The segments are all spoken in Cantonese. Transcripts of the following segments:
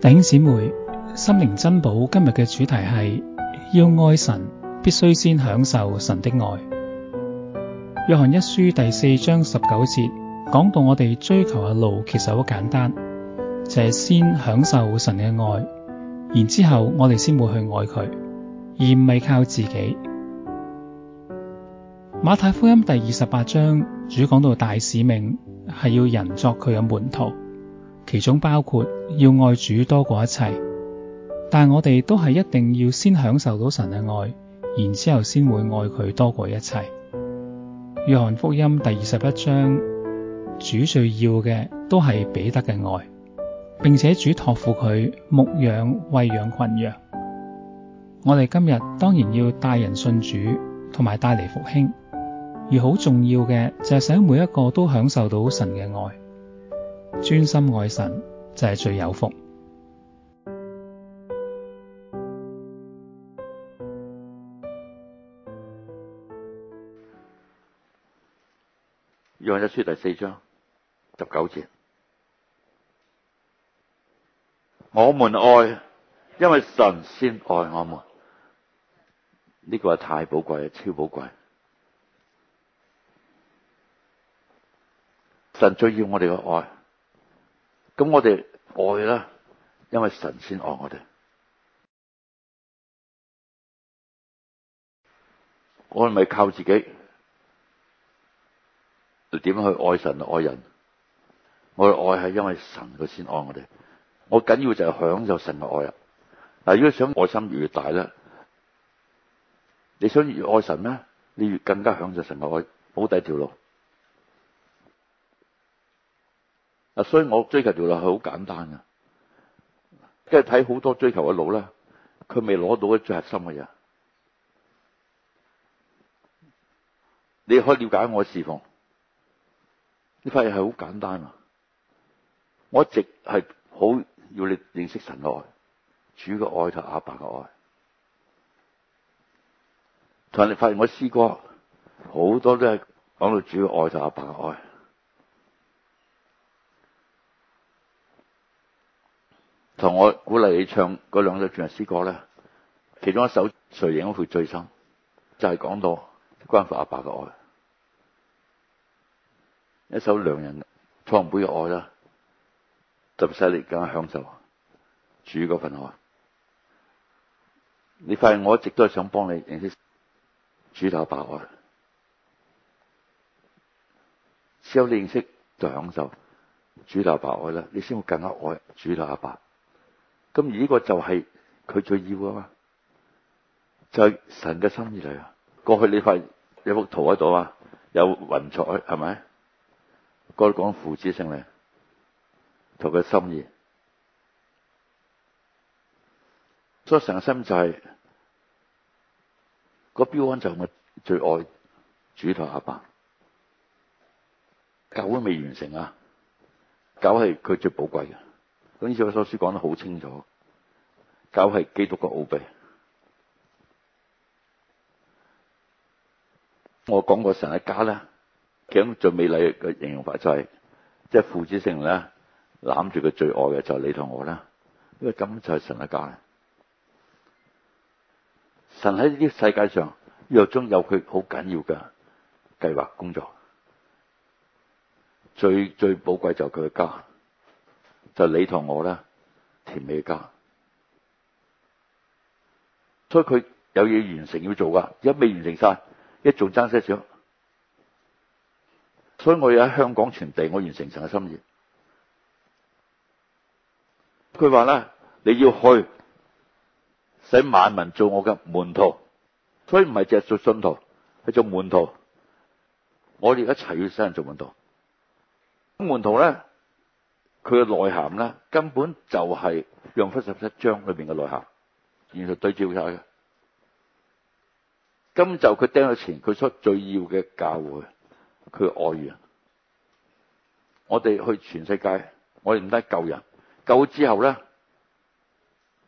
弟兄姊妹，心靈珍寶今日嘅主題係要愛神，必須先享受神的愛。約翰一書第四章十九節講到，我哋追求嘅路其實好簡單，就係、是、先享受神嘅愛，然之後我哋先會去愛佢，而唔係靠自己。馬太福音第二十八章主講到大使命係要人作佢嘅門徒。其中包括要愛主多過一切，但我哋都係一定要先享受到神嘅愛，然之後先會愛佢多過一切。約翰福音第二十一章，主最要嘅都係彼得嘅愛，並且主托付佢牧養餵養群羊。我哋今日當然要帶人信主，同埋帶嚟復興，而好重要嘅就係使每一個都享受到神嘅愛。專心愛神就係、是、最有福。約一書第四章十九節，我們愛，因為神先愛我們，呢、這個係太寶貴，超寶貴。神最要我哋嘅愛。咁我哋愛啦，因為神先愛我哋，我係咪靠自己，點去愛神愛人？我哋愛係因為神佢先愛我哋，我緊要就係享受神嘅愛啊！嗱，如果想愛心越嚟越大咧，你想越愛神咧，你越更加享受神嘅愛，冇第二條路。所以我追求條路係好簡單噶，即係睇好多追求嘅路咧，佢未攞到最核心嘅嘢。你可以了解我嘅事奉，你發現係好簡單啊！我一直係好要你認識神嘅愛，主嘅愛同阿爸嘅愛。同你發現我詩歌好多都係講到主嘅愛同阿爸嘅愛。同我鼓勵你唱嗰兩首傳人詩歌咧，其中一首《誰影我最深》，就係、是、講到關乎阿爸嘅愛，一首《良人創杯嘅愛》啦，特別犀利更加享受主嗰份愛。你發現我一直都係想幫你認識主立阿爸，爸的愛，只有你認識就享受主立阿爸，爸的愛啦，你先會更加愛主立阿爸，爸。咁而呢個就係佢最要噶嘛，就係、是、神嘅心意嚟啊！過去你發有幅圖喺度嘛，有雲彩係咪？該講父子性嚟，同佢心意。所以神嘅心就係、是那個標籤就係我最愛主頭阿爸，教會都未完成啊！教會係佢最寶貴嘅，咁呢次嗰首書講得好清楚。狗係基督嘅奧秘。我講過神嘅家，其中最美麗嘅形容法就係即係父子性咧，攬住佢最愛嘅就係你同我啦，因為咁就係神嘅家。神喺呢啲世界上，若中有佢好緊要嘅計劃工作，最最寶貴就係佢嘅家，就係你同我啦，甜美嘅家。所以佢有嘢完成要做噶，一未完成晒，一仲爭些少。所以我而喺香港全地，我完成神嘅心意。佢話咧，你要去使萬民做我嘅門徒，所以唔係只做信徒，係做門徒。我哋一齊要使人做門徒。門徒咧，佢嘅內涵咧，根本就係、是《約翰福音》十七章裏邊嘅內涵。完全對照晒嘅，根本就佢掟咗錢，佢出最要嘅教會，佢愛啊！我哋去全世界，我哋唔得救人，救之後咧，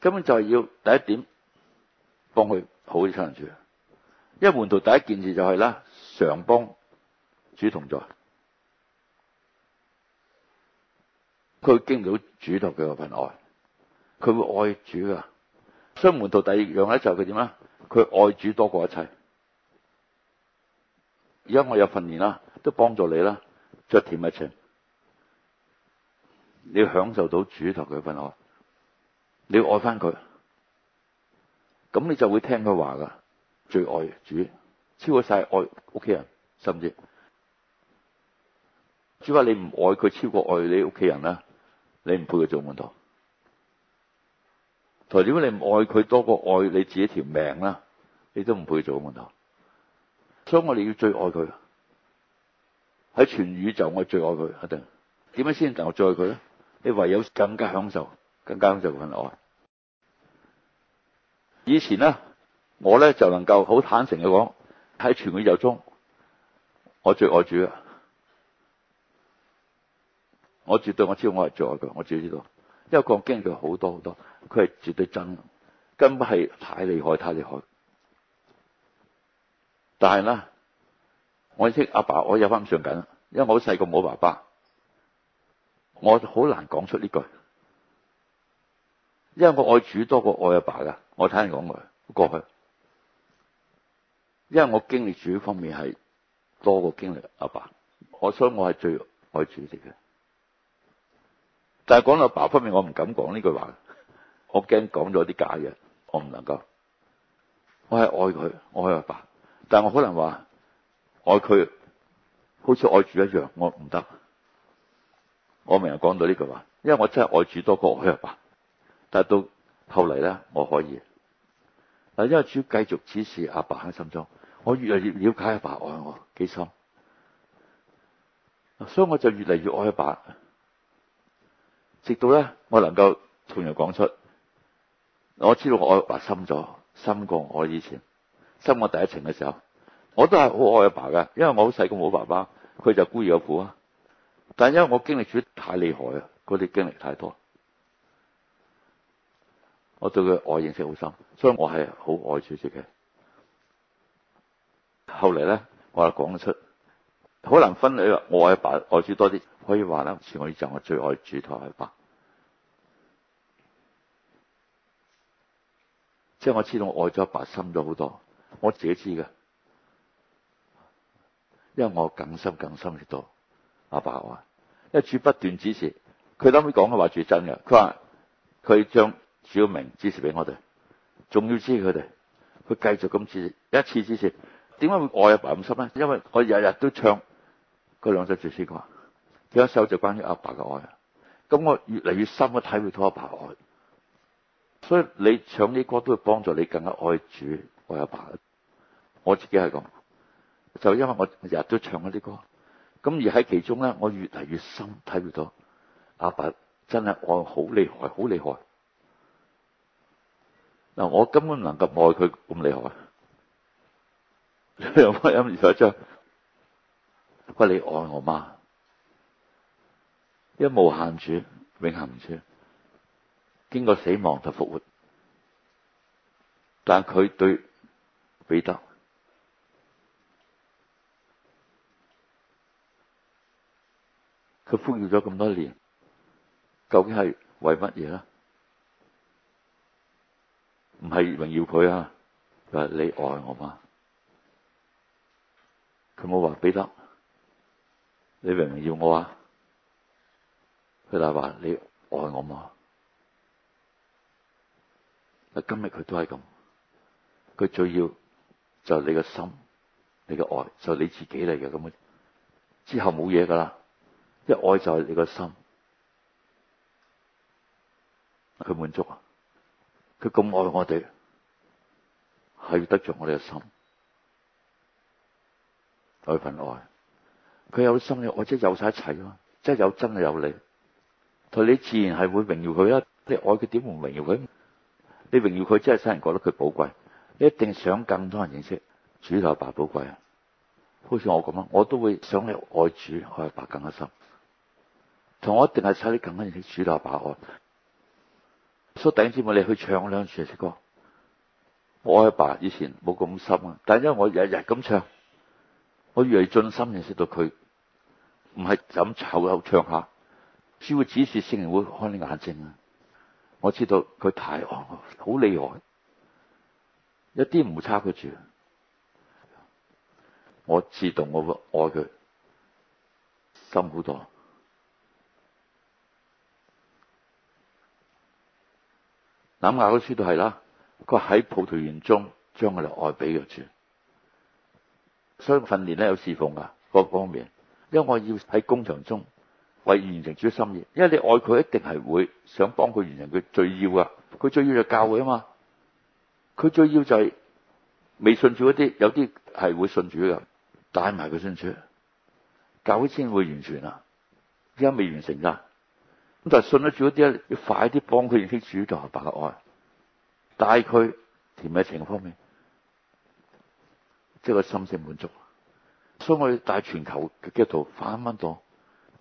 根本就係要第一點，幫佢好啲親近主。因為門徒第一件事就係啦，常幫主同在，佢經唔到主同佢嘅份愛，佢會愛主噶。做門徒第二樣咧就係佢點咧？佢愛主多過一切。而家我有訓練啦,都幫助你啦，再甜一情，你要享受到主同佢分開，你要愛翻佢，咁你就會聽佢話噶。最愛主，超過晒愛屋企人，甚至主話你唔愛佢超過愛你屋企人啦，你唔配佢做門徒。台點解你唔愛佢多過愛你自己條命啦？你都唔配做咁多，所以我哋要最愛佢喺全宇宙，我最愛佢一定點樣先能夠我最愛佢咧，你唯有更加享受、更加享受份愛。以前咧，我咧就能夠好坦誠嘅講，喺全宇宙中，我最愛主啊！我絕對我知道我係最愛佢，我自己知道。因為我經歷佢好多好多，佢係絕對真，根本係太厲害，太厲害。但係咧，我認識阿爸，爸，我有翻上緊。因為我好細個冇爸爸，我好難講出呢句。因為我愛主多過愛阿爸噶，我聽人講過過去。因為我經歷主方面係多過經歷阿爸，爸，我所以我係最愛主嚟嘅。但係講到阿爸方面，我唔敢講呢句話，我驚講咗啲假嘢，我唔能夠。我係愛佢，我愛阿爸，但我可能話愛佢好似愛主一樣，我唔得。我未有講到呢句話，因為我真係愛主多過愛阿爸。但係到後嚟，咧，我可以。但因為主要繼續指示阿爸喺心中，我越嚟越了解阿爸愛我幾深，所以我就越嚟越愛阿爸。直到咧，我能夠同人講出，我知道我阿爸，爸深咗，深過我以前，深過第一程嘅時候，我都係好愛阿爸嘅，因為我好細個冇爸爸，佢就孤兒寡母啊。但係因為我經歷得太厲害啊，嗰啲經歷太多，我對佢愛認識好深，所以我係好愛姐姐嘅。後嚟咧，我就講得出。好難分，你話我阿爸愛主多啲，可以話啦，似我以前我最愛主台阿爸，即係我知道我愛咗阿爸深咗好多，我自己知噶，因為我更深更深越多阿爸話，因為主不斷指示，佢臨尾講嘅話最真嘅，佢話佢將小明指示俾我哋，仲要知佢哋，佢繼續咁指示，一次指示，點解會愛阿爸咁深咧？因為我日日都唱。佢兩首絕世歌，第一首就關於阿爸嘅愛。咁我越嚟越深，我體會到阿爸，爸愛。所以你唱呢歌都會幫助你更加愛主，愛阿爸。我自己係咁，就是，因為我日日都唱嗰啲歌，咁而喺其中咧，我越嚟越深體會到阿爸，爸真係愛好厲害，好厲害。嗱，我根本唔能夠愛佢咁厲害，你音而家將。不，你愛我嗎？一無限住，永恆住，經過死亡就復活。但佢對彼得，佢呼籲咗咁多年，究竟係為乜嘢呢？唔係榮耀佢啊！就係你愛我嗎。佢冇話彼得。你明明要我啊？佢大話你愛我嘛？嗱，今日佢都係咁，佢最要就係你個心，你個愛就係，你自己嚟嘅咁嘅，之後冇嘢噶啦，一愛就係你個心，佢滿足啊！佢咁愛我哋，係要得着我哋個心，愛份愛。佢有心，嘅，我即係有晒一齊咯，即係有真係有你。同你自然係會榮耀佢啊！你愛佢點會唔榮耀佢？你榮耀佢，真係使人覺得佢寶貴。你一定想更多人認識主同阿爸寶貴。啊。好似我咁啊，我都會想你愛主、愛阿爸，爸更加深。同我一定係使啲更加認識主同阿爸愛。所以弟兄姊妹，你去唱兩次啊，四哥。我阿爸，爸以前冇咁深啊，但係因為我日日咁唱，我越嚟越盡心認識到佢。唔係咁丑口唱下，只會指示聖靈會開你眼睛啊！我知道佢太惡，好厲害，一啲唔會差佢住。我自動我會愛佢，深好多。諗下嗰書都係啦，佢喺葡萄園中將佢哋愛俾佢住，所以訓練咧有侍奉噶，各方面。因為我要喺工場中為完成主的心意，因為你愛佢一定係會想幫佢完成佢最要啊，佢最要就教會啊嘛，佢最要就係、是、未信主嗰啲，有啲係會信主嘅，帶埋佢信主，教會先會完全啊，而家未完成噶。咁但係信咗主嗰啲要快啲幫佢認識主，就係白愛，帶佢甜蜜情方面，即係個心性滿足。所以我哋帶全球嘅基督徒翻返到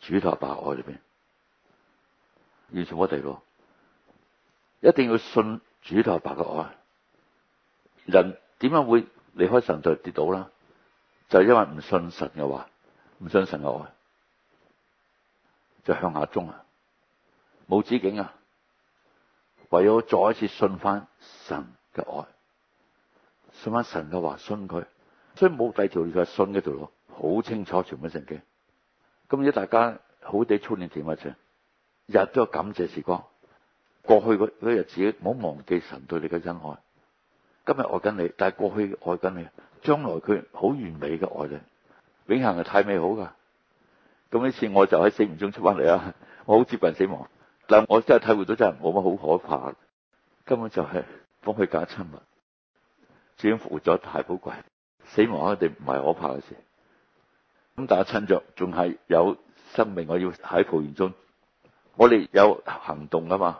主頭白愛裏邊，完全我哋二一定要信主頭白嘅愛。人點解會離開神就跌倒啦？就係因為唔信神嘅話，唔信神嘅愛，就向下衝啊，冇止境啊！唯有再一次信翻神嘅愛，信翻神嘅話，信佢。所以冇第二條，你、就、喺、是、信嗰度咯，好清楚，全部聖經咁。而家大家好地操練甜蜜情，日都有感謝時光。過去嗰嗰啲日子，唔好忘記神對你嘅恩愛。今日愛緊你，但係過去愛緊你，將來佢好完美嘅愛你，永恆係太美好㗎。咁呢次我就喺死唔中出翻嚟啊！我好接近死亡，但係我真係體會到真係冇乜好可怕，根本就係幫佢假親密。主恩復活咗，太寶貴。死亡一定唔係可怕嘅事，咁大家趁着仲係有生命，我要喺僕人中，我哋有行動噶嘛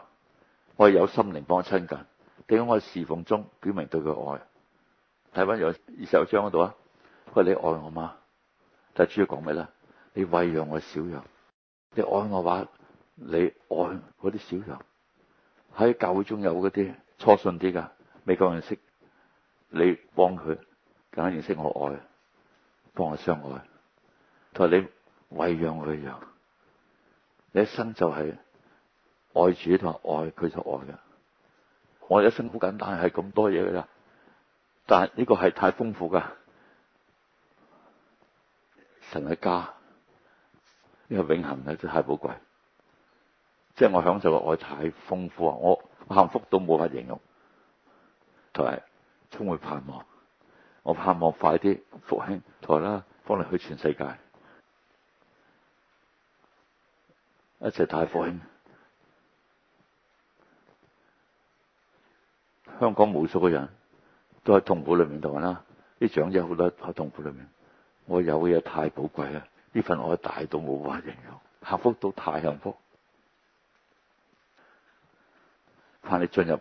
我係有心靈幫親近，點解我侍奉中表明對佢愛？睇翻二十一章嗰度啊，喂，你愛我嗎？但係主要講咩咧？你餵養我小羊，你愛我話，你愛嗰啲小羊。喺教會中有嗰啲初信啲噶，未夠人識，你幫佢。簡單認識我愛，幫我相愛。同你餵養佢一樣，你一生就係愛主同埋愛佢就愛嘅。我一生好簡單，係咁多嘢噶啦。但係呢個係太豐富噶，神嘅家呢個永恆咧，真係寶貴。即係我享受嘅愛太豐富啊！我幸福到冇法形容，同埋充滿盼望。我盼望快啲復興台啦，幫你去全世界，一齊大復興。香港無數嘅人都喺痛苦裏面度啦，啲長者好多喺痛苦裏面。我有嘢太寶貴啦，呢份愛大到冇話形容，幸福到太幸福。怕你進入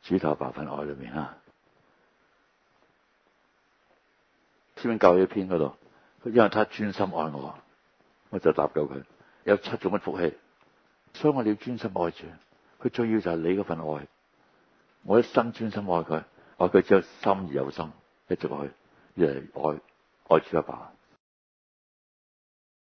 主頭白份愛裏面啊！知唔知教嘢篇嗰度？因為他專心愛我，我就搭救佢。有七種嘅福氣，所以我哋要專心愛住佢，佢最重要就係你嗰份愛，我一生專心愛佢，愛佢只有心而有心一直愛，越嚟越愛愛住阿爸，爸。